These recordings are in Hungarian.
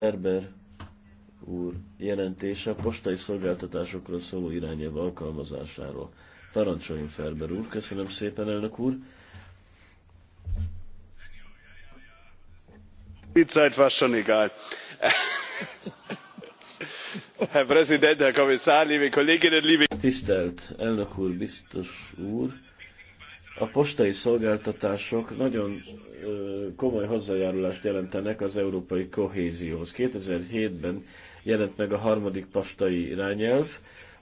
Erber úr jelentése a postai szolgáltatásokról szóló irányelv alkalmazásáról. Parancsoljon Ferber úr, köszönöm szépen, elnök úr. Zeit war schon Herr Präsident, Herr Kommissar, liebe Kolleginnen, liebe Tisztelt elnök úr, biztos úr, a postai szolgáltatások nagyon komoly hozzájárulást jelentenek az európai kohézióhoz. 2007-ben jelent meg a harmadik postai irányelv,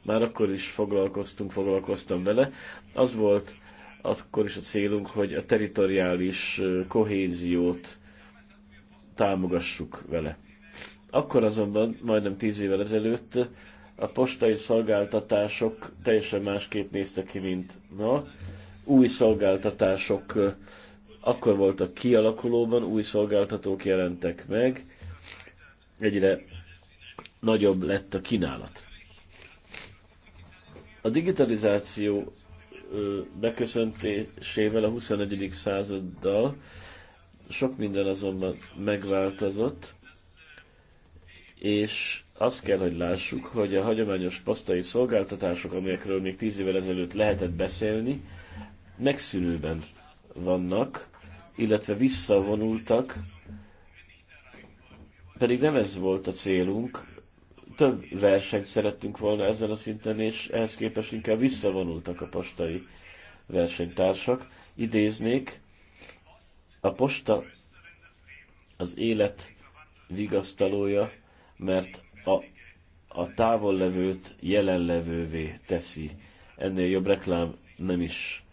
már akkor is foglalkoztunk, foglalkoztam vele. Az volt akkor is a célunk, hogy a teritoriális kohéziót támogassuk vele. Akkor azonban, majdnem tíz évvel ezelőtt a postai szolgáltatások teljesen másképp néztek ki, mint ma. No, új szolgáltatások akkor voltak kialakulóban, új szolgáltatók jelentek meg, egyre nagyobb lett a kínálat. A digitalizáció beköszöntésével a 21. századdal sok minden azonban megváltozott, és azt kell, hogy lássuk, hogy a hagyományos posztai szolgáltatások, amelyekről még tíz évvel ezelőtt lehetett beszélni, megszűnőben vannak, illetve visszavonultak, pedig nem ez volt a célunk, több versenyt szerettünk volna ezen a szinten, és ehhez képest inkább visszavonultak a postai versenytársak. Idéznék, a posta az élet vigasztalója, mert a, a távollevőt jelenlevővé teszi. Ennél jobb reklám nem is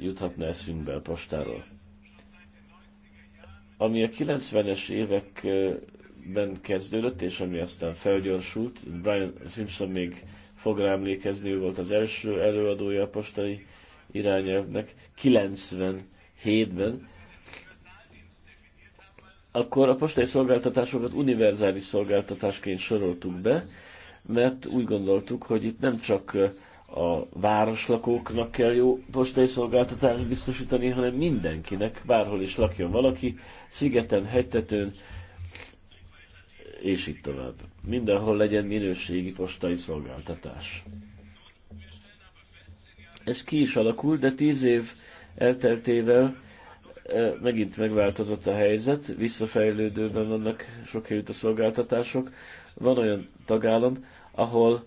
juthatna eszünkbe a postáról. Ami a 90-es években kezdődött, és ami aztán felgyorsult, Brian Simpson még fog rá emlékezni, ő volt az első előadója a postai irányelvnek 97-ben, akkor a postai szolgáltatásokat univerzális szolgáltatásként soroltuk be, mert úgy gondoltuk, hogy itt nem csak a városlakóknak kell jó postai szolgáltatást biztosítani, hanem mindenkinek, bárhol is lakjon valaki, szigeten, hegytetőn, és így tovább. Mindenhol legyen minőségi postai szolgáltatás. Ez ki is alakult, de tíz év elteltével e, megint megváltozott a helyzet, visszafejlődőben vannak sok helyütt a szolgáltatások. Van olyan tagállam, ahol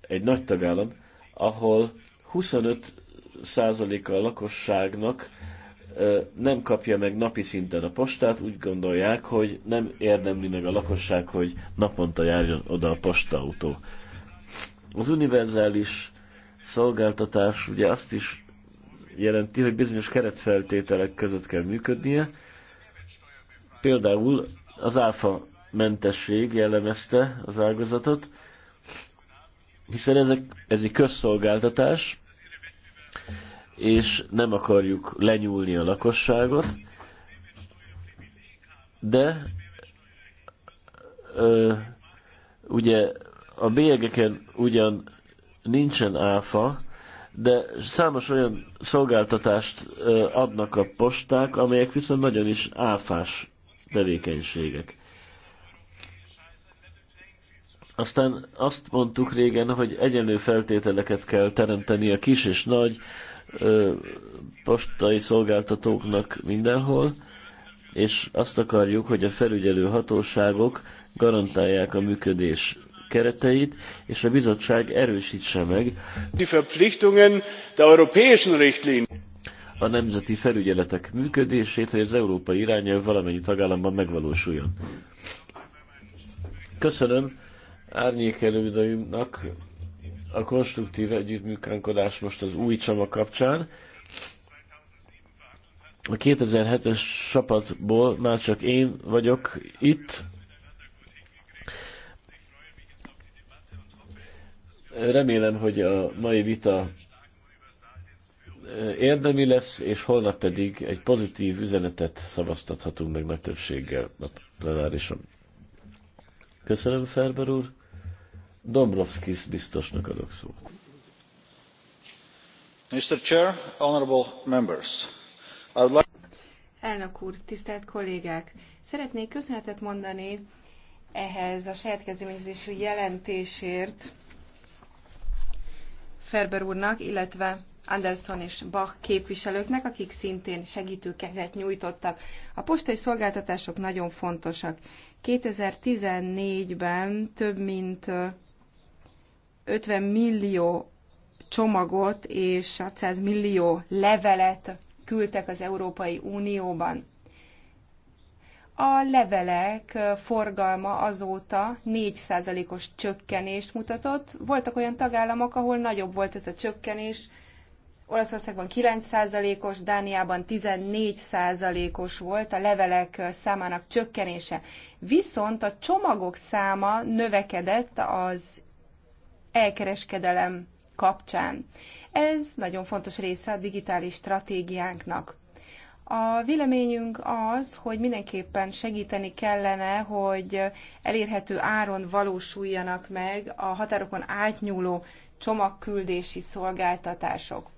egy nagy tagállam, ahol 25%-a a lakosságnak nem kapja meg napi szinten a postát, úgy gondolják, hogy nem érdemli meg a lakosság, hogy naponta járjon oda a postautó. Az univerzális szolgáltatás ugye azt is jelenti, hogy bizonyos keretfeltételek között kell működnie. Például az áfa mentesség jellemezte az ágazatot, hiszen ezek, ez egy közszolgáltatás, és nem akarjuk lenyúlni a lakosságot, de ö, ugye a bélyegeken ugyan nincsen áfa, de számos olyan szolgáltatást adnak a posták, amelyek viszont nagyon is áfás tevékenységek. Aztán azt mondtuk régen, hogy egyenlő feltételeket kell teremteni a kis és nagy ö, postai szolgáltatóknak mindenhol, és azt akarjuk, hogy a felügyelő hatóságok garantálják a működés kereteit, és a bizottság erősítse meg a nemzeti felügyeletek működését, hogy az európai irányelv valamennyi tagállamban megvalósuljon. Köszönöm árnyékelődőimnak a konstruktív együttműködés most az új csama kapcsán. A 2007-es csapatból már csak én vagyok itt. Remélem, hogy a mai vita eh, érdemi lesz, és holnap pedig egy pozitív üzenetet szavaztathatunk meg nagy többséggel a plenárison. Köszönöm, Ferber úr! Dombrovskis biztosnak adok szót. Mr. Chair, honorable members, I would like... Elnök úr, tisztelt kollégák! Szeretnék köszönetet mondani ehhez a saját kezdeményezésű jelentésért Ferber úrnak, illetve Anderson és Bach képviselőknek, akik szintén segítő kezet nyújtottak. A postai szolgáltatások nagyon fontosak. 2014-ben több mint 50 millió csomagot és 600 millió levelet küldtek az Európai Unióban. A levelek forgalma azóta 4%-os csökkenést mutatott. Voltak olyan tagállamok, ahol nagyobb volt ez a csökkenés, Olaszországban 9%-os, Dániában 14%-os volt a levelek számának csökkenése. Viszont a csomagok száma növekedett az elkereskedelem kapcsán. Ez nagyon fontos része a digitális stratégiánknak. A véleményünk az, hogy mindenképpen segíteni kellene, hogy elérhető áron valósuljanak meg a határokon átnyúló csomagküldési szolgáltatások.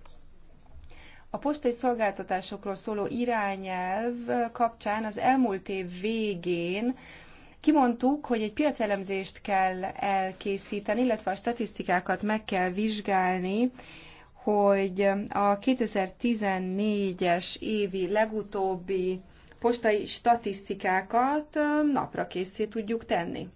A postai szolgáltatásokról szóló irányelv kapcsán az elmúlt év végén Kimondtuk, hogy egy piacelemzést kell elkészíteni, illetve a statisztikákat meg kell vizsgálni, hogy a 2014-es évi legutóbbi postai statisztikákat napra készé tudjuk tenni.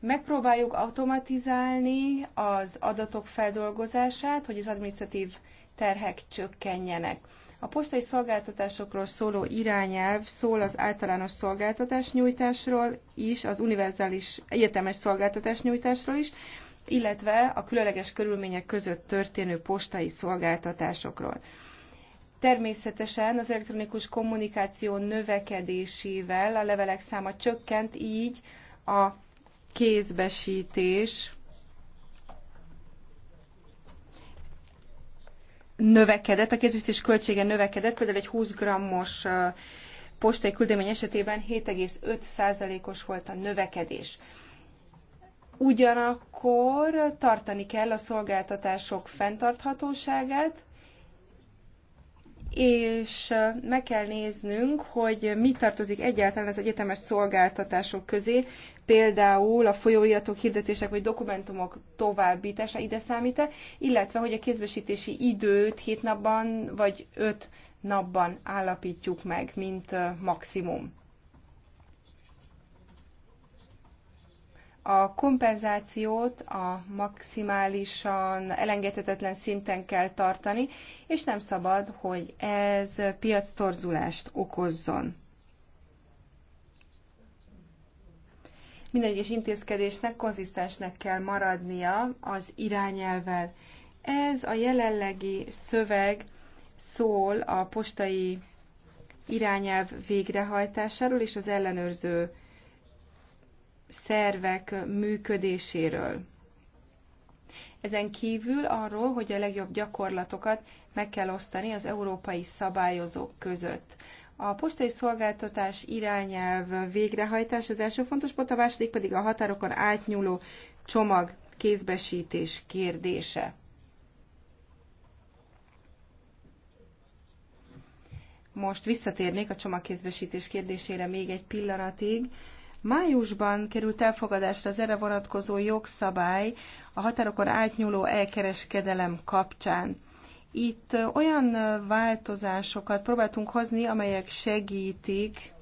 Megpróbáljuk automatizálni az adatok feldolgozását, hogy az administratív terhek csökkenjenek. A postai szolgáltatásokról szóló irányelv szól az általános szolgáltatás nyújtásról is, az univerzális egyetemes szolgáltatás nyújtásról is, illetve a különleges körülmények között történő postai szolgáltatásokról. Természetesen az elektronikus kommunikáció növekedésével a levelek száma csökkent, így a kézbesítés növekedett, a kézműszítés költsége növekedett, például egy 20 grammos postai küldemény esetében 7,5%-os volt a növekedés. Ugyanakkor tartani kell a szolgáltatások fenntarthatóságát, és meg kell néznünk, hogy mi tartozik egyáltalán az egyetemes szolgáltatások közé, például a folyóiratok, hirdetések vagy dokumentumok továbbítása ide számít -e, illetve hogy a kézbesítési időt 7 napban vagy 5 napban állapítjuk meg, mint maximum. a kompenzációt a maximálisan elengedhetetlen szinten kell tartani, és nem szabad, hogy ez piac torzulást okozzon. Minden egyes intézkedésnek konzisztensnek kell maradnia az irányelvel. Ez a jelenlegi szöveg szól a postai irányelv végrehajtásáról és az ellenőrző szervek működéséről. Ezen kívül arról, hogy a legjobb gyakorlatokat meg kell osztani az európai szabályozók között. A postai szolgáltatás irányelv végrehajtás az első fontos pont, a második pedig a határokon átnyúló csomag kézbesítés kérdése. Most visszatérnék a csomagkézbesítés kérdésére még egy pillanatig. Májusban került elfogadásra az erre vonatkozó jogszabály a határokon átnyúló elkereskedelem kapcsán. Itt olyan változásokat próbáltunk hozni, amelyek segítik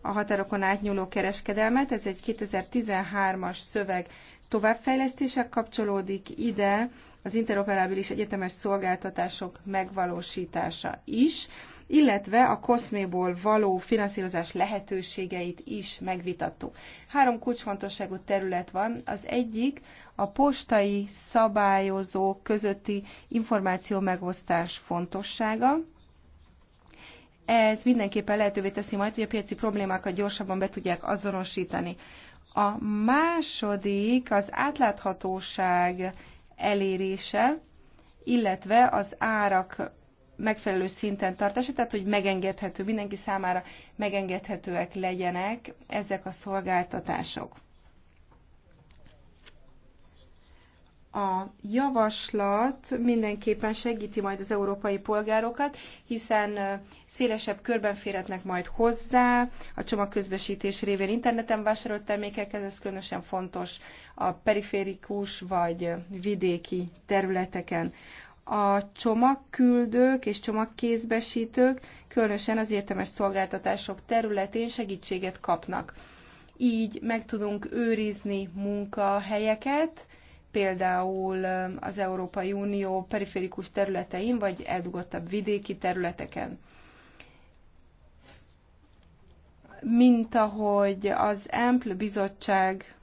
a határokon átnyúló kereskedelmet. Ez egy 2013-as szöveg továbbfejlesztések kapcsolódik ide az interoperabilis egyetemes szolgáltatások megvalósítása is, illetve a koszméból való finanszírozás lehetőségeit is megvitattuk. Három kulcsfontosságú terület van. Az egyik a postai szabályozó közötti információ megosztás fontossága, ez mindenképpen lehetővé teszi majd, hogy a piaci problémákat gyorsabban be tudják azonosítani. A második az átláthatóság elérése, illetve az árak megfelelő szinten tartása, tehát hogy megengedhető, mindenki számára megengedhetőek legyenek ezek a szolgáltatások. A javaslat mindenképpen segíti majd az európai polgárokat, hiszen szélesebb körben férhetnek majd hozzá a csomagközbesítés révén interneten vásárolt termékekhez, ez különösen fontos a periférikus vagy vidéki területeken a csomagküldők és csomagkézbesítők, különösen az értemes szolgáltatások területén segítséget kapnak. Így meg tudunk őrizni munkahelyeket, például az Európai Unió periférikus területein, vagy eldugottabb vidéki területeken. Mint ahogy az EMPL bizottság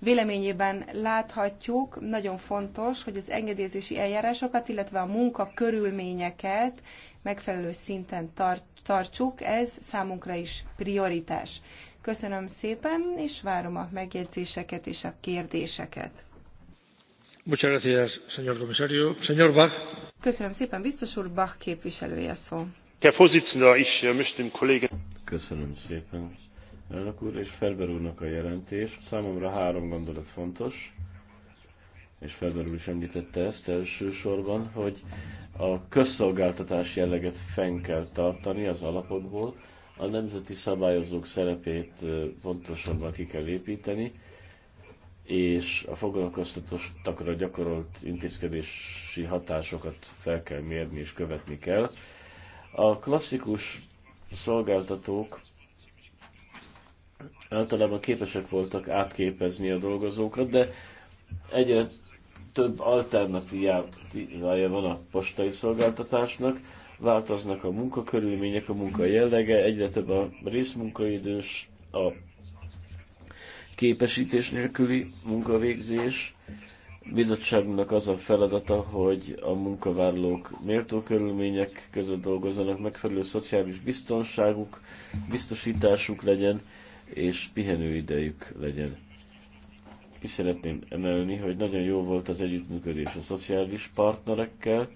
véleményében láthatjuk, nagyon fontos, hogy az engedélyezési eljárásokat, illetve a munka körülményeket megfelelő szinten tart, tartsuk, ez számunkra is prioritás. Köszönöm szépen, és várom a megjegyzéseket és a kérdéseket. Köszönöm szépen, biztos úr, Bach képviselője szó. Äh, Köszönöm szépen, elnök úr, és Ferber úrnak a jelentés. Számomra három gondolat fontos, és Ferber úr is említette ezt elsősorban, hogy a közszolgáltatás jelleget fenn kell tartani az alapokból, a nemzeti szabályozók szerepét pontosabban ki kell építeni, és a foglalkoztatottakra gyakorolt intézkedési hatásokat fel kell mérni és követni kell. A klasszikus szolgáltatók általában képesek voltak átképezni a dolgozókat, de egyre több alternatívája van a postai szolgáltatásnak, változnak a munkakörülmények, a munka jellege, egyre több a részmunkaidős, a képesítés nélküli munkavégzés. Bizottságunknak az a feladata, hogy a munkavállalók méltó körülmények között dolgozzanak, megfelelő szociális biztonságuk, biztosításuk legyen, és pihenőidejük legyen. Ki szeretném emelni, hogy nagyon jó volt az együttműködés a szociális partnerekkel,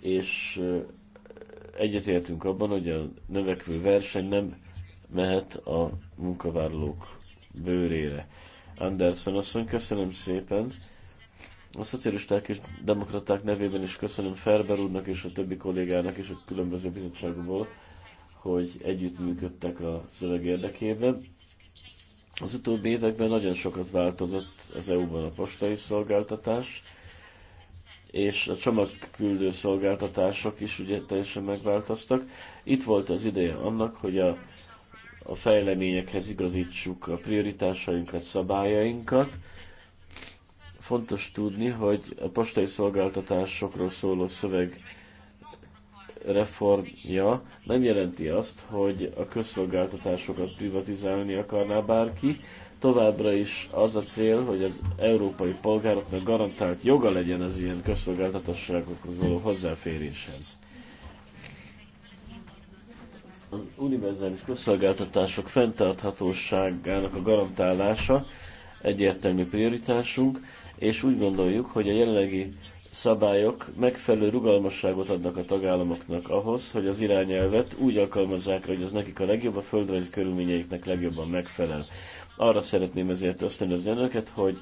és egyetértünk abban, hogy a növekvő verseny nem mehet a munkavállalók bőrére. Anderson asszony, köszönöm szépen. A szocialisták és demokraták nevében is köszönöm Ferber úrnak és a többi kollégának és a különböző bizottságból hogy együttműködtek a szöveg érdekében. Az utóbbi években nagyon sokat változott az EU-ban a postai szolgáltatás, és a csomagküldő szolgáltatások is ugye teljesen megváltoztak. Itt volt az ideje annak, hogy a, a fejleményekhez igazítsuk a prioritásainkat, szabályainkat. Fontos tudni, hogy a postai szolgáltatásokról szóló szöveg reformja nem jelenti azt, hogy a közszolgáltatásokat privatizálni akarná bárki. Továbbra is az a cél, hogy az európai polgároknak garantált joga legyen az ilyen közszolgáltatásokhoz való hozzáféréshez. Az univerzális közszolgáltatások fenntarthatóságának a garantálása egyértelmű prioritásunk, és úgy gondoljuk, hogy a jelenlegi szabályok megfelelő rugalmasságot adnak a tagállamoknak ahhoz, hogy az irányelvet úgy alkalmazzák, hogy az nekik a legjobb, a földrajzi körülményeiknek legjobban megfelel. Arra szeretném ezért ösztönözni önöket, hogy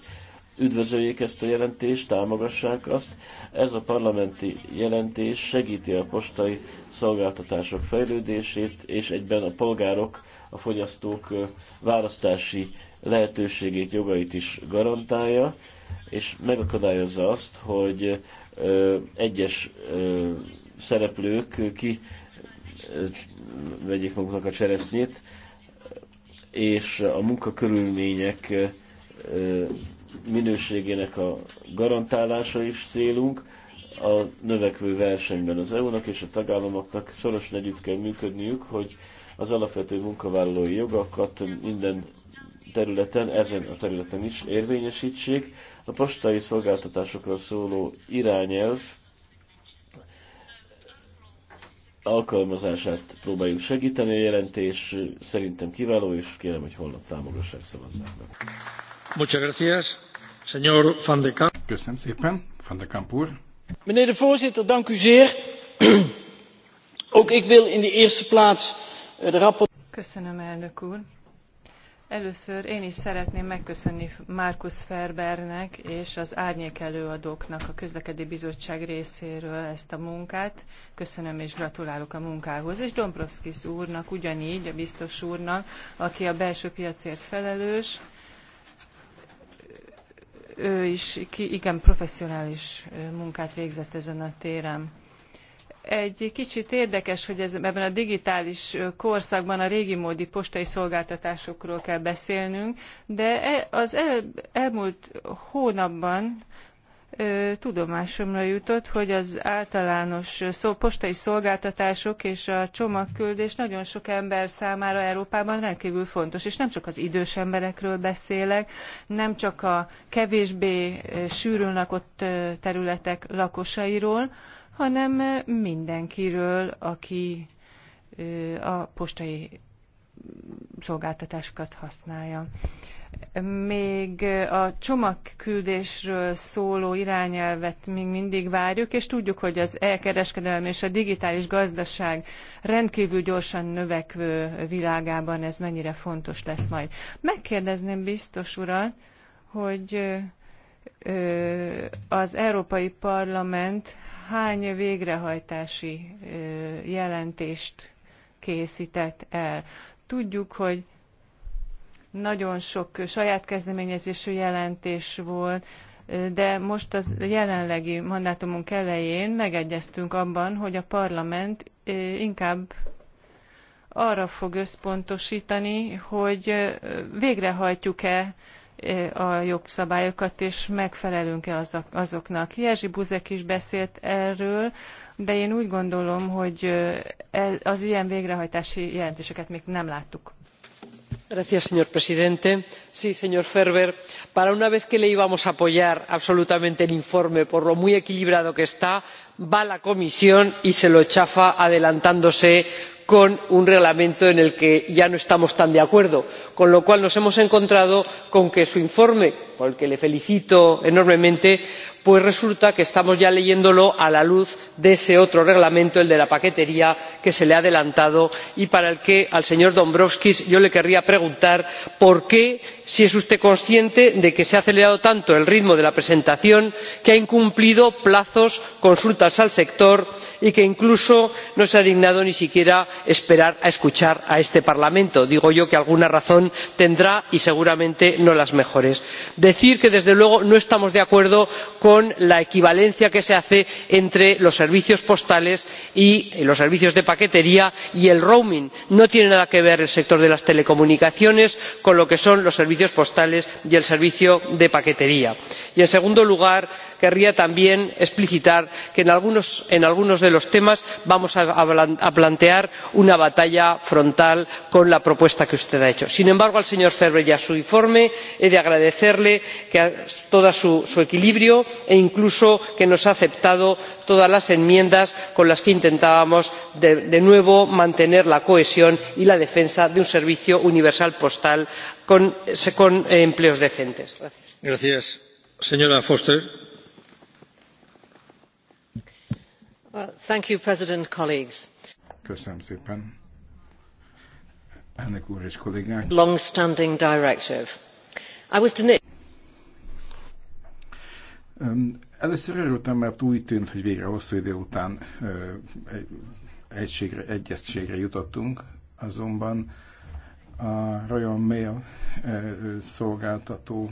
üdvözöljék ezt a jelentést, támogassák azt. Ez a parlamenti jelentés segíti a postai szolgáltatások fejlődését, és egyben a polgárok, a fogyasztók választási lehetőségét, jogait is garantálja és megakadályozza azt, hogy egyes szereplők ki vegyék maguknak a cseresznyét, és a munkakörülmények minőségének a garantálása is célunk. A növekvő versenyben az EU-nak és a tagállamoknak szorosan együtt kell működniük, hogy az alapvető munkavállalói jogokat minden területen, ezen a területen is érvényesítsék, a postai szolgáltatásokról szóló irányelv alkalmazását próbáljuk segíteni. A jelentés szerintem kiváló, és kérem, hogy holnap támogassák szavazzáknak. Muchas gracias, señor Van de Kamp. Köszönöm szépen, Van de Kamp úr. Meneer de voorzitter, dank u zeer. Ook ik wil in de eerste plaats eh, de rapport... Köszönöm, elnök úr. Először én is szeretném megköszönni Markus Ferbernek és az árnyék előadóknak a közlekedési bizottság részéről ezt a munkát. Köszönöm és gratulálok a munkához. És Dombrovskis úrnak, ugyanígy a biztos úrnak, aki a belső piacért felelős, ő is igen professzionális munkát végzett ezen a téren egy kicsit érdekes, hogy ez, ebben a digitális korszakban a régi módi postai szolgáltatásokról kell beszélnünk, de e, az el, elmúlt hónapban tudomásomra jutott, hogy az általános postai szolgáltatások és a csomagküldés nagyon sok ember számára Európában rendkívül fontos, és nem csak az idős emberekről beszélek, nem csak a kevésbé sűrűn lakott területek lakosairól, hanem mindenkiről, aki a postai mm, szolgáltatásokat használja még a csomagküldésről szóló irányelvet még mindig várjuk, és tudjuk, hogy az elkereskedelem és a digitális gazdaság rendkívül gyorsan növekvő világában ez mennyire fontos lesz majd. Megkérdezném biztos urat, hogy az Európai Parlament hány végrehajtási jelentést készített el. Tudjuk, hogy nagyon sok saját kezdeményezésű jelentés volt, de most az jelenlegi mandátumunk elején megegyeztünk abban, hogy a parlament eh, inkább arra fog összpontosítani, hogy eh, végrehajtjuk-e eh, a jogszabályokat, és megfelelünk-e azoknak. Jerzy Buzek is beszélt erről, de én úgy gondolom, hogy az ilyen végrehajtási jelentéseket még nem láttuk señor presidente señor ferber para una vez que le íbamos a apoyar absolutamente el informe por lo muy equilibrado que está va la comisión y se lo chafa adelantándose con un reglamento en el que ya no estamos tan de acuerdo con lo cual nos hemos encontrado con que su informe por el que le felicito enormemente pues resulta que estamos ya leyéndolo a la luz de ese otro reglamento el de la paquetería que se le ha adelantado y para el que al señor dombrovskis yo le querría preguntar por qué si es usted consciente de que se ha acelerado tanto el ritmo de la presentación que ha incumplido plazos consultas al sector y que incluso no se ha dignado ni siquiera esperar a escuchar a este parlamento digo yo que alguna razón tendrá y seguramente no las mejores. decir que desde luego no estamos de acuerdo con con la equivalencia que se hace entre los servicios postales y eh, los servicios de paquetería y el roaming no tiene nada que ver el sector de las telecomunicaciones con lo que son los servicios postales y el servicio de paquetería. y en segundo lugar querría también explicitar que en algunos de los temas vamos a plantear una batalla frontal con la propuesta que usted ha hecho. sin embargo al señor ferber y a su informe he de agradecerle todo su equilibrio e incluso que nos haya aceptado todas las enmiendas con las que intentábamos de nuevo mantener la cohesión y la defensa de un servicio universal postal con eh, empleos decentes. Elnök úr és kollégák. Long standing directive. Először örültem, mert úgy tűnt, hogy végre hosszú idő után egységre, egyességre jutottunk, azonban a Royal Mail szolgáltató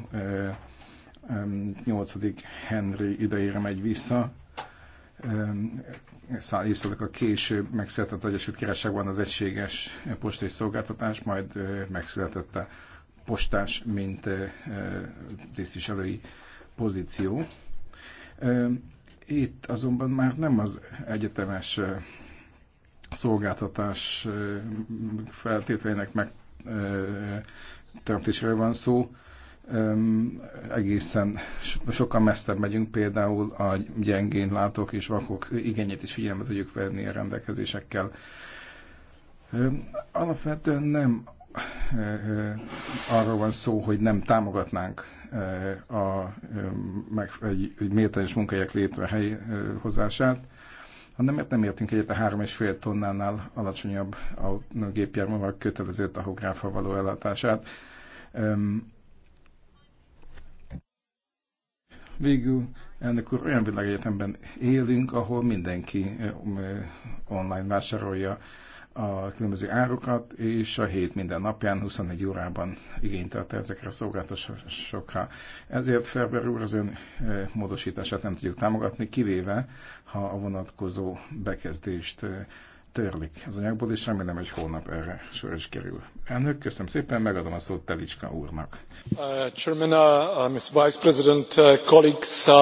8. Henry idejére megy vissza, évszázadok később megszületett az Egyesült Királyságban az egységes postai szolgáltatás, majd megszületett a postás, mint tisztviselői pozíció. Itt azonban már nem az egyetemes szolgáltatás feltételének teremtésről van szó, egészen sokkal messzebb megyünk, például a gyengén látók és vakok igényét is figyelembe tudjuk venni a rendelkezésekkel. Alapvetően nem arról van szó, hogy nem támogatnánk a, meg, egy, egy méltányos munkahelyek létrehozását, hanem mert nem értünk egyet a 3,5 tonnánál alacsonyabb a gépjárművek kötelező tahográfa való ellátását. Végül ennek olyan világegyetemben élünk, ahol mindenki eh, eh, online vásárolja a különböző árukat, és a hét minden napján 24 órában igényt tart ezekre a szolgáltatásokra. Ezért Ferber úr az ön eh, módosítását nem tudjuk támogatni, kivéve, ha a vonatkozó bekezdést törlik az anyagból, és remélem, egy hónap erre sor is kerül. Elnök, köszönöm szépen, megadom a szót Telicska úrnak. Uh, Chairman, uh, uh Ms. Vice President, uh, colleagues, uh...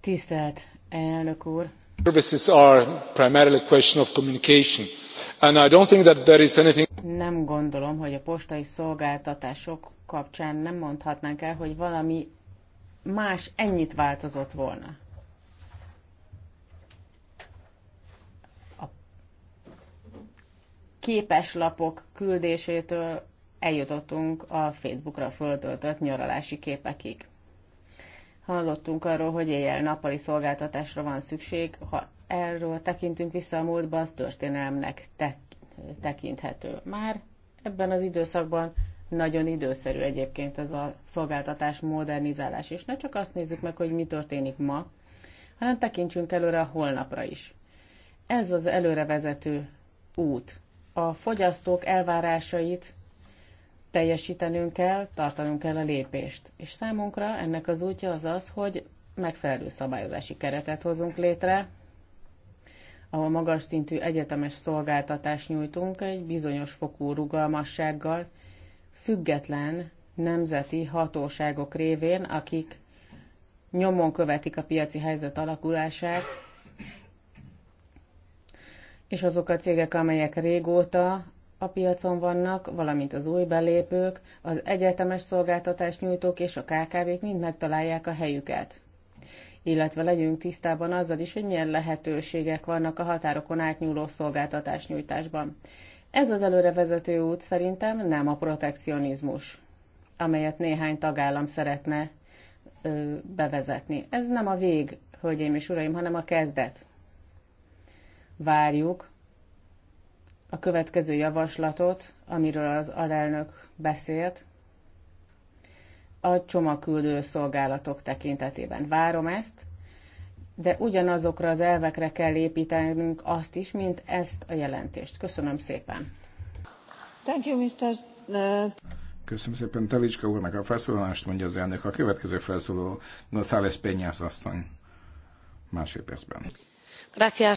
Tisztelt elnök úr! Services are primarily a question of communication. And I don't think that there is anything... Nem gondolom, hogy a postai szolgáltatások kapcsán nem mondhatnánk el, hogy valami más ennyit változott volna képeslapok küldésétől eljutottunk a Facebookra föltöltött nyaralási képekig. Hallottunk arról, hogy éjjel-nappali szolgáltatásra van szükség. Ha erről tekintünk vissza a múltba, az történelmnek tek- tekinthető. Már ebben az időszakban nagyon időszerű egyébként ez a szolgáltatás modernizálás, és ne csak azt nézzük meg, hogy mi történik ma, hanem tekintsünk előre a holnapra is. Ez az előrevezető út a fogyasztók elvárásait teljesítenünk kell, tartanunk kell a lépést. És számunkra ennek az útja az az, hogy megfelelő szabályozási keretet hozunk létre, ahol magas szintű egyetemes szolgáltatást nyújtunk egy bizonyos fokú rugalmassággal, független nemzeti hatóságok révén, akik nyomon követik a piaci helyzet alakulását, és azok a cégek, amelyek régóta a piacon vannak, valamint az új belépők, az egyetemes szolgáltatás nyújtók és a KKV-k mind megtalálják a helyüket. Illetve legyünk tisztában azzal is, hogy milyen lehetőségek vannak a határokon átnyúló szolgáltatás nyújtásban. Ez az előrevezető út szerintem nem a protekcionizmus, amelyet néhány tagállam szeretne ö, bevezetni. Ez nem a vég, hölgyeim és uraim, hanem a kezdet várjuk a következő javaslatot, amiről az alelnök beszélt, a csomagküldő szolgálatok tekintetében. Várom ezt, de ugyanazokra az elvekre kell építenünk azt is, mint ezt a jelentést. Köszönöm szépen. Thank you, Mr. Uh, Köszönöm szépen Telicska úrnak a felszólalást, mondja az elnök. A következő felszóló González Pényász asszony másfél percben. Gracias.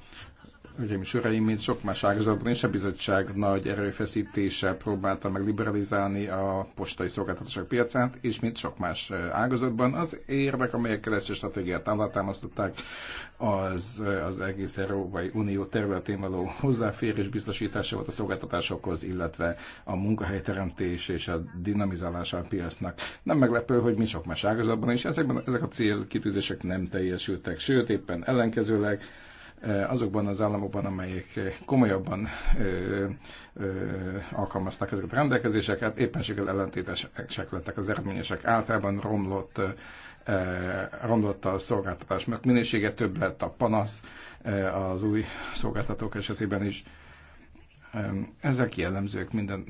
Hölgyeim és Uraim, mint sok más ágazatban is a bizottság nagy erőfeszítéssel próbálta meg liberalizálni a postai szolgáltatások piacát, és mint sok más ágazatban az érvek, amelyekkel ezt a stratégiát támasztották, az, az egész Európai Unió területén való hozzáférés biztosítása volt a szolgáltatásokhoz, illetve a munkahelyteremtés és a dinamizálása a piacnak. Nem meglepő, hogy mi sok más ágazatban és ezekben, ezek a célkitűzések nem teljesültek, sőt éppen ellenkezőleg Eh, azokban az államokban, amelyek eh, komolyabban ö, eh, ö, alkalmazták ezeket a rendelkezéseket, éppenséggel ellentétesek lettek az eredményesek. Általában romlott, ö, romlott a szolgáltatás minősége, több lett a panasz ö, az új szolgáltatók esetében is. Ö, ezek jellemzők minden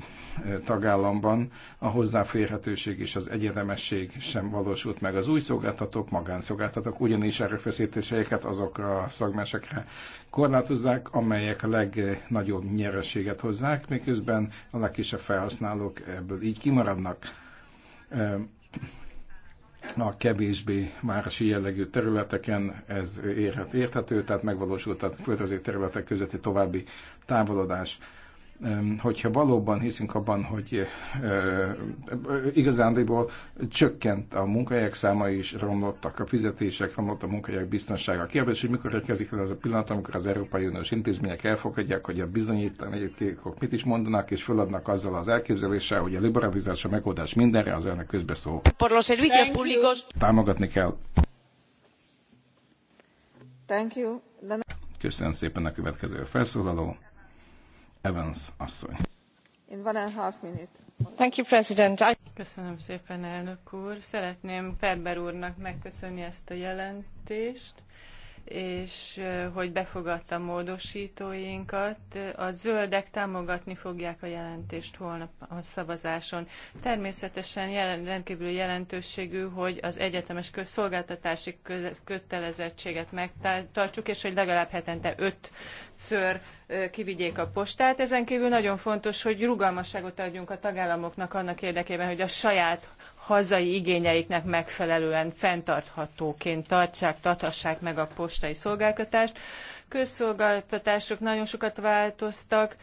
tagállamban, a hozzáférhetőség és az egyetemesség sem valósult meg. Az új szolgáltatók, magánszolgáltatók ugyanis erőfeszítéseiket azokra a szagmesekre korlátozzák, amelyek a legnagyobb nyereséget hozzák, miközben a legkisebb felhasználók ebből így kimaradnak a kevésbé városi jellegű területeken ez érhet érthető, tehát megvalósult a földrajzi területek közötti további távolodás hogyha valóban hiszünk abban, hogy eh, eh, igazándiból csökkent a munkahelyek száma is, romlottak a fizetések, romlott a munkahelyek biztonsága. Kérdés, hogy mikor érkezik el az a pillanat, amikor az Európai Uniós intézmények elfogadják, hogy a bizonyítékok mit is mondanak, és föladnak azzal az elképzeléssel, hogy a liberalizáció megoldás mindenre, az elnök közbeszól. Támogatni kell. Thank you. Köszönöm szépen a következő felszólaló. Evans asszony. Köszönöm szépen, elnök úr. Szeretném Ferber úrnak megköszönni ezt a jelentést és hogy befogadta módosítóinkat. A zöldek támogatni fogják a jelentést holnap a szavazáson. Természetesen jelen, rendkívül jelentőségű, hogy az egyetemes közszolgáltatási kötelezettséget megtartsuk, és hogy legalább hetente ötször kivigyék a postát. Ezen kívül nagyon fontos, hogy rugalmasságot adjunk a tagállamoknak annak érdekében, hogy a saját hazai igényeiknek megfelelően fenntarthatóként tartsák, tartassák meg a postai szolgáltatást. Közszolgáltatások nagyon sokat változtak,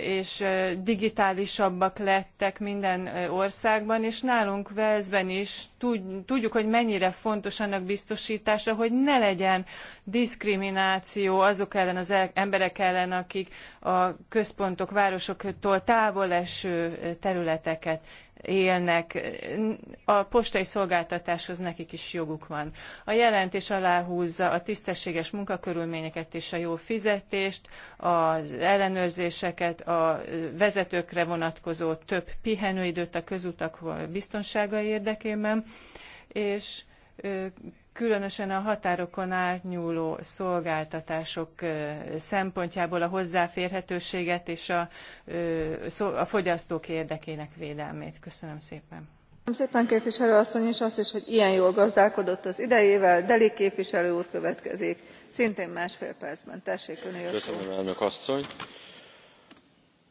és digitálisabbak lettek minden országban, és nálunk Velszben is tudjuk, hogy mennyire fontos annak biztosítása, hogy ne legyen diszkrimináció azok ellen az emberek ellen, akik a központok, városoktól távol eső területeket élnek, a postai szolgáltatáshoz nekik is joguk van. A jelentés aláhúzza a tisztességes munkakörülményeket és a jó fizetést, az ellenőrzéseket, a vezetőkre vonatkozó több pihenőidőt a közutak biztonsága érdekében, és különösen a határokon átnyúló szolgáltatások szempontjából a hozzáférhetőséget és a, a fogyasztók érdekének védelmét. Köszönöm szépen. Köszönöm szépen képviselő asszony, és azt is, hogy ilyen jól gazdálkodott az idejével. Deli képviselő úr következik, szintén másfél percben. Tessék, önél Köszönöm, elnök asszony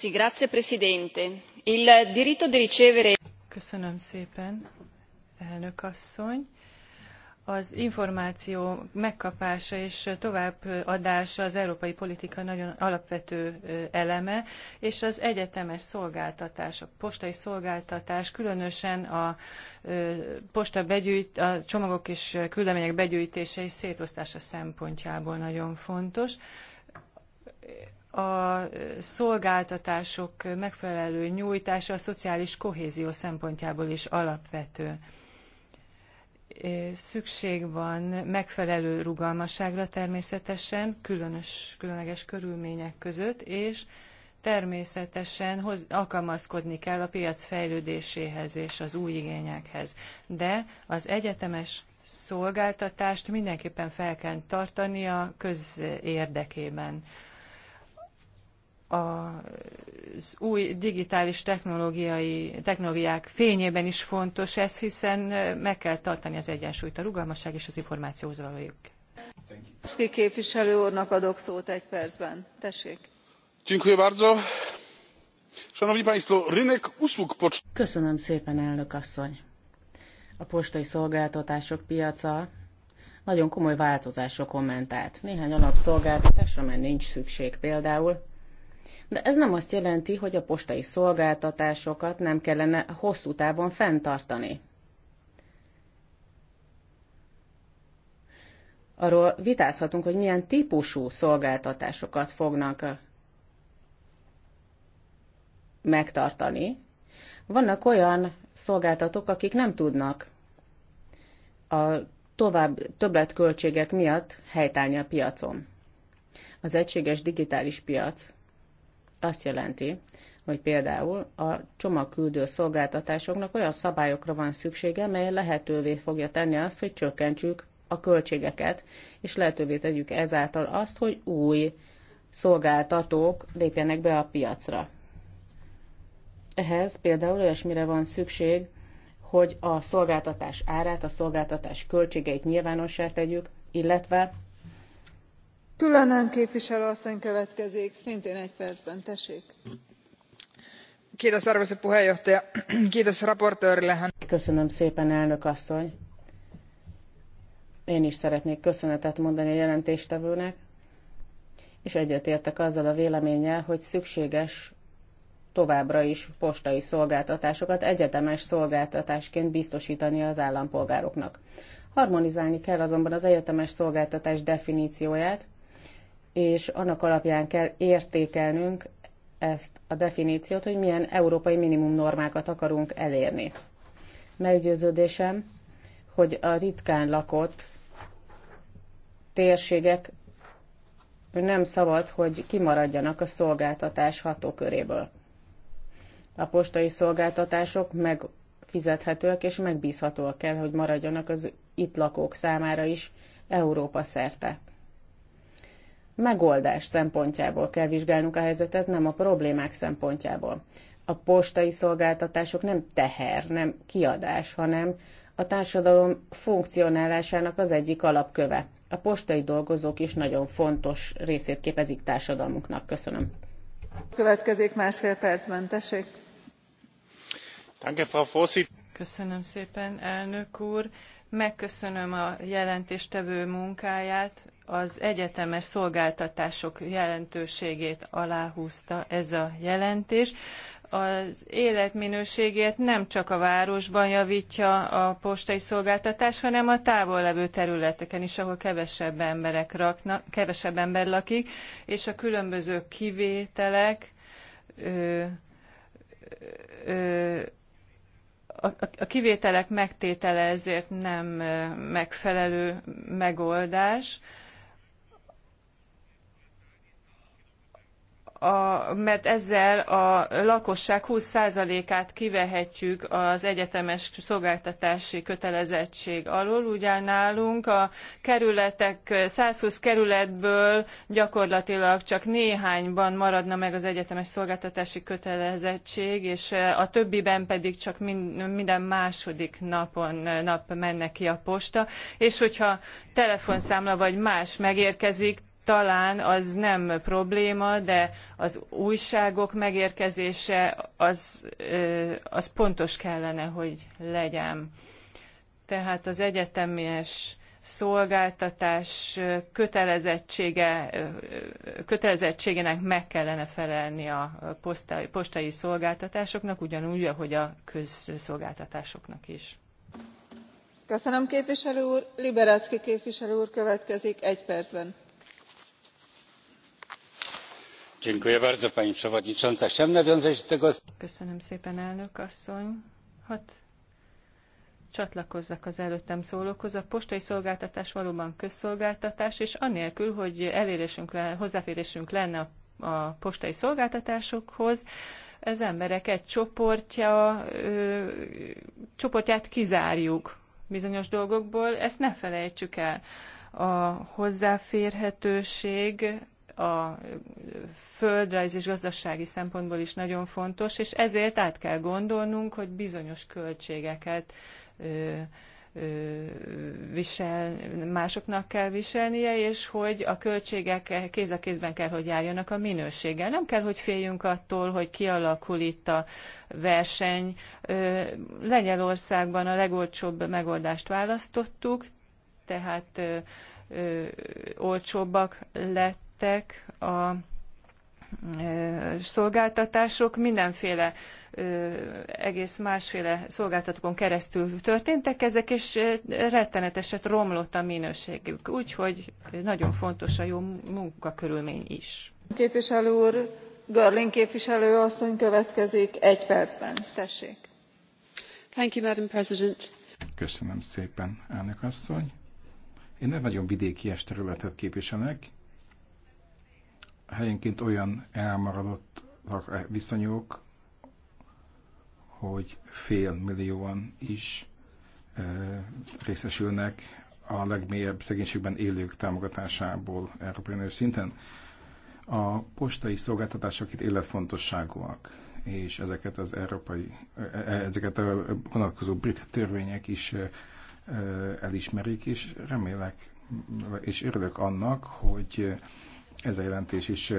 Grazie, Presidente. Il diritto di ricevere... Köszönöm szépen, az információ megkapása és továbbadása az európai politika nagyon alapvető eleme, és az egyetemes szolgáltatás, a postai szolgáltatás, különösen a posta begyűjt, a csomagok és küldemények begyűjtése és szétosztása szempontjából nagyon fontos a szolgáltatások megfelelő nyújtása a szociális kohézió szempontjából is alapvető. Szükség van megfelelő rugalmasságra természetesen, különös, különleges körülmények között, és természetesen hoz, alkalmazkodni kell a piac fejlődéséhez és az új igényekhez. De az egyetemes szolgáltatást mindenképpen fel kell tartani a közérdekében az új digitális technológiai, technológiák fényében is fontos ez, hiszen meg kell tartani az egyensúlyt a rugalmasság és az információhoz való jog. képviselő úrnak adok szót egy percben. Tessék. Dziękuję bardzo. Szanowni Państwo, rynek usług Köszönöm szépen, elnök asszony. A postai szolgáltatások piaca nagyon komoly változásokon ment át. Néhány alapszolgáltatásra már nincs szükség például, de ez nem azt jelenti, hogy a postai szolgáltatásokat nem kellene hosszú távon fenntartani. Arról vitázhatunk, hogy milyen típusú szolgáltatásokat fognak megtartani. Vannak olyan szolgáltatók, akik nem tudnak a tovább többletköltségek miatt helytállni a piacon. Az egységes digitális piac azt jelenti, hogy például a csomagküldő szolgáltatásoknak olyan szabályokra van szüksége, mely lehetővé fogja tenni azt, hogy csökkentsük a költségeket, és lehetővé tegyük ezáltal azt, hogy új szolgáltatók lépjenek be a piacra. Ehhez például olyasmire van szükség, hogy a szolgáltatás árát, a szolgáltatás költségeit nyilvánossá tegyük, illetve szintén arvoisa puheenjohtaja. Kiitos raportőrille. Köszönöm szépen, elnök asszony. Én is szeretnék köszönetet mondani a jelentéstevőnek, és egyetértek azzal a véleménnyel, hogy szükséges továbbra is postai szolgáltatásokat egyetemes szolgáltatásként biztosítani az állampolgároknak. Harmonizálni kell azonban az egyetemes szolgáltatás definícióját, és annak alapján kell értékelnünk ezt a definíciót, hogy milyen európai minimum normákat akarunk elérni. Meggyőződésem, hogy a ritkán lakott térségek nem szabad, hogy kimaradjanak a szolgáltatás hatóköréből. A postai szolgáltatások megfizethetőek és megbízhatóak kell, hogy maradjanak az itt lakók számára is Európa szerte megoldás szempontjából kell vizsgálnunk a helyzetet, nem a problémák szempontjából. A postai szolgáltatások nem teher, nem kiadás, hanem a társadalom funkcionálásának az egyik alapköve. A postai dolgozók is nagyon fontos részét képezik társadalmunknak. Köszönöm. Következik másfél percben, tessék. Köszönöm szépen, elnök úr. Megköszönöm a jelentéstevő munkáját az egyetemes szolgáltatások jelentőségét aláhúzta ez a jelentés. Az életminőségét nem csak a városban javítja a postai szolgáltatás, hanem a távol levő területeken is, ahol kevesebb, emberek raknak, kevesebb ember lakik, és a különböző kivételek ö, ö, a kivételek megtétele ezért nem megfelelő megoldás. a, mert ezzel a lakosság 20%-át kivehetjük az egyetemes szolgáltatási kötelezettség alól. Ugyan nálunk a kerületek, 120 kerületből gyakorlatilag csak néhányban maradna meg az egyetemes szolgáltatási kötelezettség, és a többiben pedig csak minden második napon nap menne ki a posta. És hogyha telefonszámla vagy más megérkezik, talán az nem probléma, de az újságok megérkezése az, az pontos kellene, hogy legyen. Tehát az egyetemies szolgáltatás kötelezettsége, kötelezettségének meg kellene felelni a postai, postai szolgáltatásoknak, ugyanúgy, ahogy a közszolgáltatásoknak is. Köszönöm képviselő úr. Liberácki képviselő úr következik egy percben Köszönöm szépen, elnök asszony. csatlakozzak az előttem szólókhoz. A postai szolgáltatás valóban közszolgáltatás, és anélkül, hogy hozzáférésünk lenne a, postai szolgáltatásokhoz, az emberek egy csoportja, csoportját kizárjuk bizonyos dolgokból, ezt ne felejtsük el. A hozzáférhetőség a földrajz és gazdasági szempontból is nagyon fontos, és ezért át kell gondolnunk, hogy bizonyos költségeket ö, visel, másoknak kell viselnie, és hogy a költségek kéz a kézben kell, hogy járjanak a minőséggel. Nem kell, hogy féljünk attól, hogy kialakul itt a verseny. Lengyelországban a legolcsóbb megoldást választottuk, tehát ö, ö, olcsóbbak lett területek, a szolgáltatások mindenféle egész másféle szolgáltatókon keresztül történtek ezek, és retteneteset romlott a minőségük. Úgyhogy nagyon fontos a jó munkakörülmény is. Képviselő úr, Görling képviselő asszony következik egy percben. Tessék. Thank you, Madam President. Köszönöm szépen, elnök asszony. Én nem nagyon vidéki területet képviselek, helyenként olyan elmaradott e viszonyok, hogy fél millióan is e, részesülnek a legmélyebb szegénységben élők támogatásából Európai Unió szinten. A postai szolgáltatások itt életfontosságúak, és ezeket az európai, e, ezeket a vonatkozó brit törvények is elismerik, és remélek, és örülök annak, hogy ez a jelentés is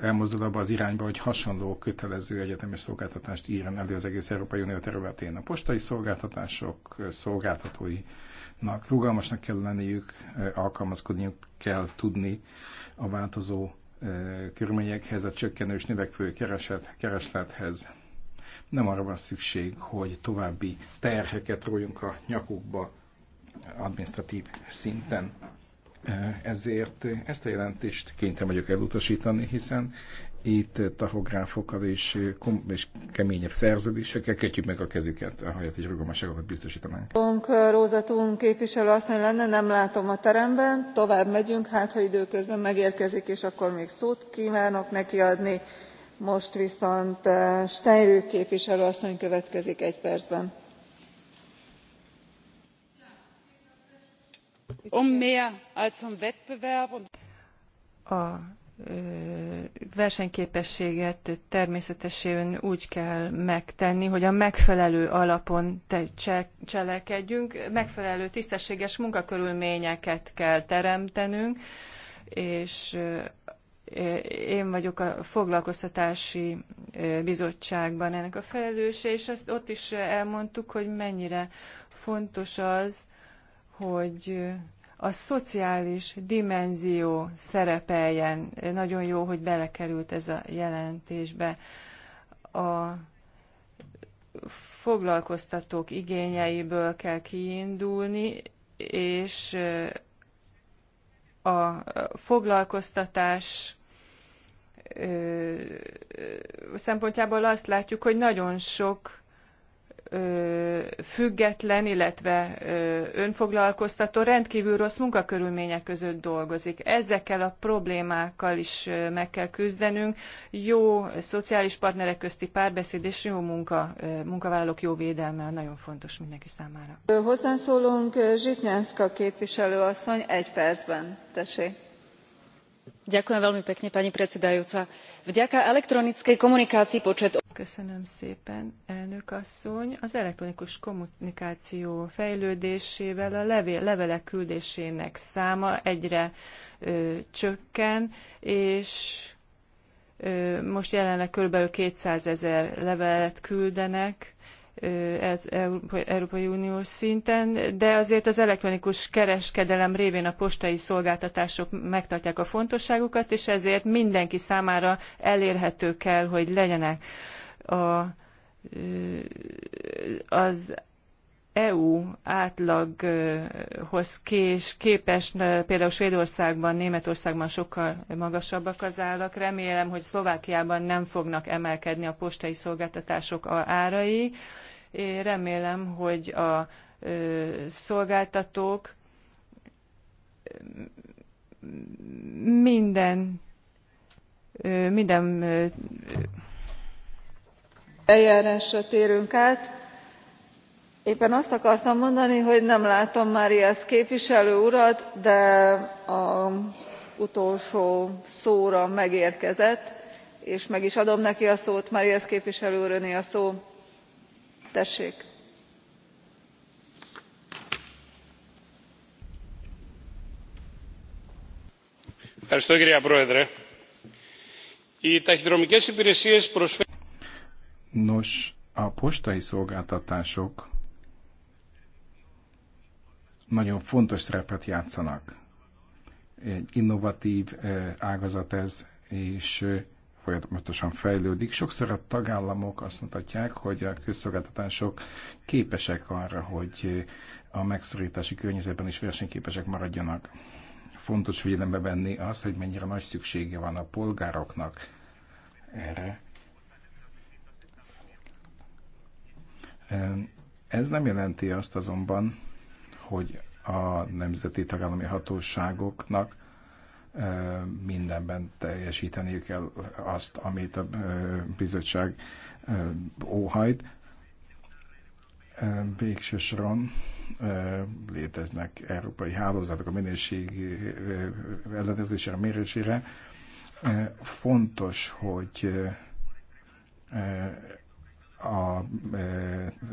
elmozdul abba az irányba, hogy hasonló kötelező egyetemes szolgáltatást írjon elő az egész Európai Unió területén. A postai szolgáltatások szolgáltatóinak rugalmasnak kell lenniük, alkalmazkodniuk kell tudni a változó körülményekhez, a csökkenő és növekvő kereset, kereslethez. Nem arra van szükség, hogy további terheket rójunk a nyakukba administratív szinten ezért ezt a jelentést kénytelen vagyok elutasítani, hiszen itt tahográfokkal és, kom- és keményebb szerződésekkel kötjük meg a kezüket, ahelyett, hogy rugalmasságokat biztosítanánk. Rózatunk képviselő asszony lenne, nem látom a teremben, tovább megyünk, hát ha időközben megérkezik, és akkor még szót kívánok neki adni. Most viszont Steinrück képviselő asszony következik egy percben Um um a versenyképességet természetesen úgy kell megtenni, hogy a megfelelő alapon cselekedjünk, megfelelő tisztességes munkakörülményeket kell teremtenünk, és én vagyok a foglalkoztatási bizottságban ennek a felelőse, és ezt ott is elmondtuk, hogy mennyire fontos az, hogy a szociális dimenzió szerepeljen. Nagyon jó, hogy belekerült ez a jelentésbe. A foglalkoztatók igényeiből kell kiindulni, és a foglalkoztatás szempontjából azt látjuk, hogy nagyon sok független, illetve önfoglalkoztató rendkívül rossz munkakörülmények között dolgozik. Ezekkel a problémákkal is meg kell küzdenünk. Jó szociális partnerek közti párbeszéd és jó munka, munkavállalók jó védelme nagyon fontos mindenki számára. Hozzászólunk Zsitnyánszka asszony egy percben. Tessék vďaka elektronickej komunikácii počet. köszönöm szépen elnök asszony az elektronikus kommunikáció fejlődésével a levelek küldésének száma egyre csökken és most jelenleg körülbelül kétszázezer levelet küldenek ez Európai Uniós szinten, de azért az elektronikus kereskedelem révén a postai szolgáltatások megtartják a fontosságukat, és ezért mindenki számára elérhető kell, hogy legyenek. A, az EU átlaghoz kés, képes, például Svédországban, Németországban sokkal magasabbak az állak. Remélem, hogy Szlovákiában nem fognak emelkedni a postai szolgáltatások árai, remélem, hogy a szolgáltatók minden minden eljárásra térünk át. éppen azt akartam mondani hogy nem látom marias képviselő urat de az utolsó szóra megérkezett és meg is adom neki a szót marias képviselő úr öné a szó tessék! Nos, a postai szolgáltatások nagyon fontos szerepet játszanak. Egy innovatív eh, ágazat ez, és eh, folyamatosan fejlődik. Sokszor a tagállamok azt mutatják, hogy a közszolgáltatások képesek arra, hogy a megszorítási környezetben is versenyképesek maradjanak. Fontos figyelembe venni azt, hogy mennyire nagy szüksége van a polgároknak erre. Ez nem jelenti azt azonban, hogy a nemzeti tagállami hatóságoknak mindenben teljesíteniük kell azt, amit a bizottság óhajt. Végső soron léteznek európai hálózatok a minőség ellenőrzésére, mérésére. Fontos, hogy a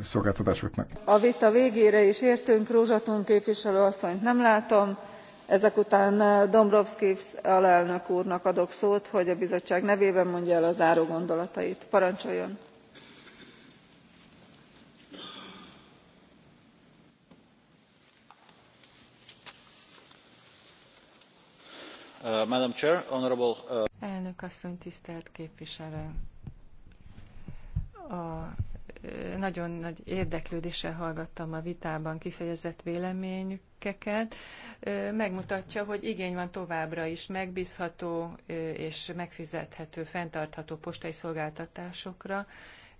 szolgáltatásoknak. A vita végére is értünk, Rózsaton képviselő asszonyt nem látom ezek után eh, dombrovskis alelnök úrnak adok szót hogy a bizottság nevében mondja el a záró gondolatait. parancsoljon! Uh, Madam uh, elnök asszony tisztelt képviselő! a nagyon nagy érdeklődéssel hallgattam a vitában kifejezett véleményükeket. Megmutatja, hogy igény van továbbra is megbízható és megfizethető, fenntartható postai szolgáltatásokra,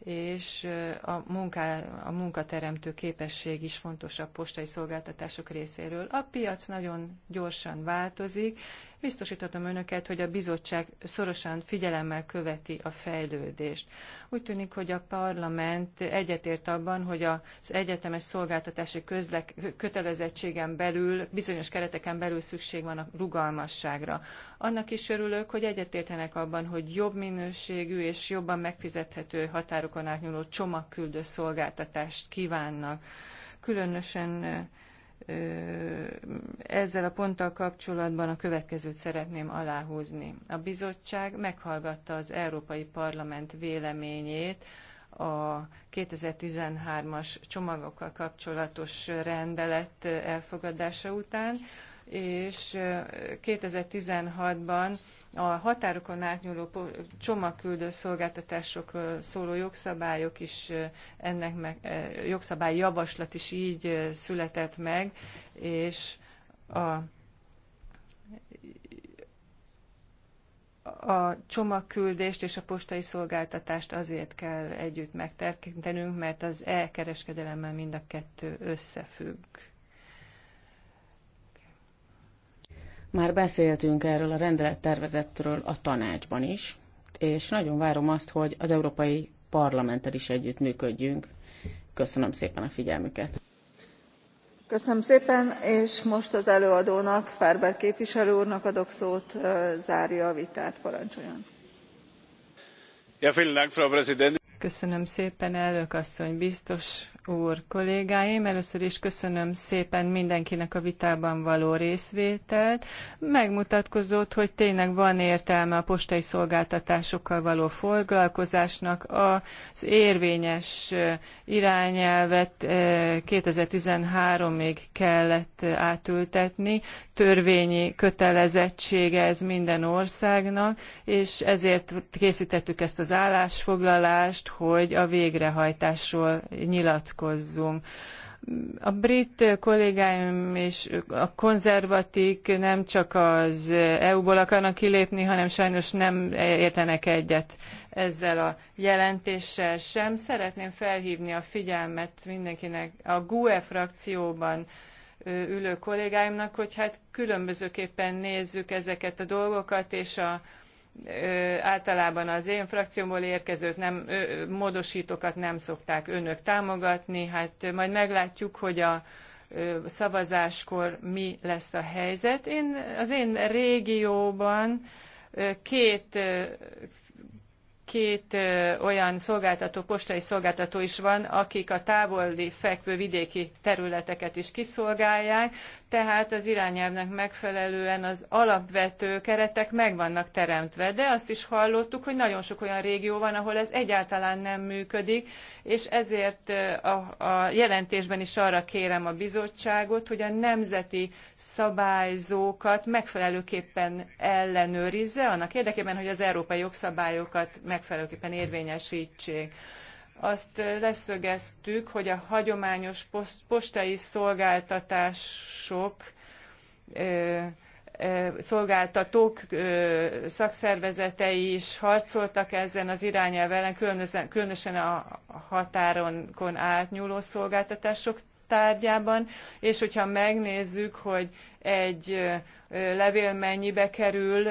és a, munká, a munkateremtő képesség is fontos a postai szolgáltatások részéről. A piac nagyon gyorsan változik, Biztosítatom önöket, hogy a bizottság szorosan figyelemmel követi a fejlődést. Úgy tűnik, hogy a parlament egyetért abban, hogy az egyetemes szolgáltatási közlek, kötelezettségen belül, bizonyos kereteken belül szükség van a rugalmasságra. Annak is örülök, hogy egyetértenek abban, hogy jobb minőségű és jobban megfizethető határokon átnyúló csomagküldő szolgáltatást kívánnak. Különösen ezzel a ponttal kapcsolatban a következőt szeretném aláhúzni. A bizottság meghallgatta az Európai Parlament véleményét a 2013-as csomagokkal kapcsolatos rendelet elfogadása után, és 2016-ban a határokon átnyúló csomagküldő szolgáltatásokról szóló jogszabályok is ennek meg, javaslat is így született meg, és a a csomagküldést és a postai szolgáltatást azért kell együtt megtekintenünk, mert az e-kereskedelemmel mind a kettő összefügg. Már beszéltünk erről a rendelettervezetről a tanácsban is, és nagyon várom azt, hogy az Európai Parlamenttel is együttműködjünk. Köszönöm szépen a figyelmüket. Köszönöm szépen, és most az előadónak, Ferber képviselő úrnak adok szót, zárja a vitát, parancsoljon. Ja, vielen Dank, Frau Präsidentin. Köszönöm szépen, elnök asszony, biztos úr, kollégáim. Először is köszönöm szépen mindenkinek a vitában való részvételt. Megmutatkozott, hogy tényleg van értelme a postai szolgáltatásokkal való foglalkozásnak. Az érvényes irányelvet 2013 eh, még kellett átültetni. Törvényi kötelezettsége ez minden országnak, és ezért készítettük ezt az állásfoglalást, hogy a végrehajtásról nyilatkozzunk. A brit kollégáim és a konzervatik nem csak az EU-ból akarnak kilépni, hanem sajnos nem értenek egyet ezzel a jelentéssel sem. Szeretném felhívni a figyelmet mindenkinek a GUE frakcióban ülő kollégáimnak, hogy hát különbözőképpen nézzük ezeket a dolgokat, és a általában az én frakciómból érkezők nem, ö, módosítókat nem szokták önök támogatni, hát majd meglátjuk, hogy a szavazáskor mi lesz a helyzet. Én, az én régióban két két olyan szolgáltató, postai szolgáltató is van, akik a távoli fekvő vidéki területeket is kiszolgálják, tehát az irányelvnek megfelelően az alapvető keretek meg vannak teremtve, de azt is hallottuk, hogy nagyon sok olyan régió van, ahol ez egyáltalán nem működik, és ezért a, a jelentésben is arra kérem a bizottságot, hogy a nemzeti szabályzókat megfelelőképpen ellenőrizze, annak érdekében, hogy az európai jogszabályokat meg megfelelőképpen érvényesítsék. Azt leszögeztük, hogy a hagyományos postai szolgáltatások szolgáltatók szakszervezetei is harcoltak ezen az irányelv ellen, különösen a határonkon átnyúló szolgáltatások tárgyában, és hogyha megnézzük, hogy egy levél mennyibe kerül,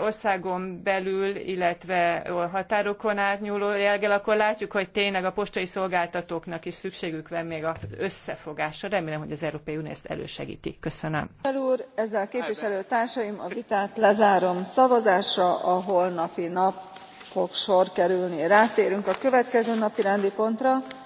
országon belül, illetve a határokon átnyúló jelgel, akkor látjuk, hogy tényleg a postai szolgáltatóknak is szükségük van még az összefogásra. Remélem, hogy az Európai Unió ezt elősegíti. Köszönöm. Úr, ezzel képviselőtársaim a vitát lezárom. Szavazásra a holnapi nap fog sor kerülni. Rátérünk a következő napi rendi pontra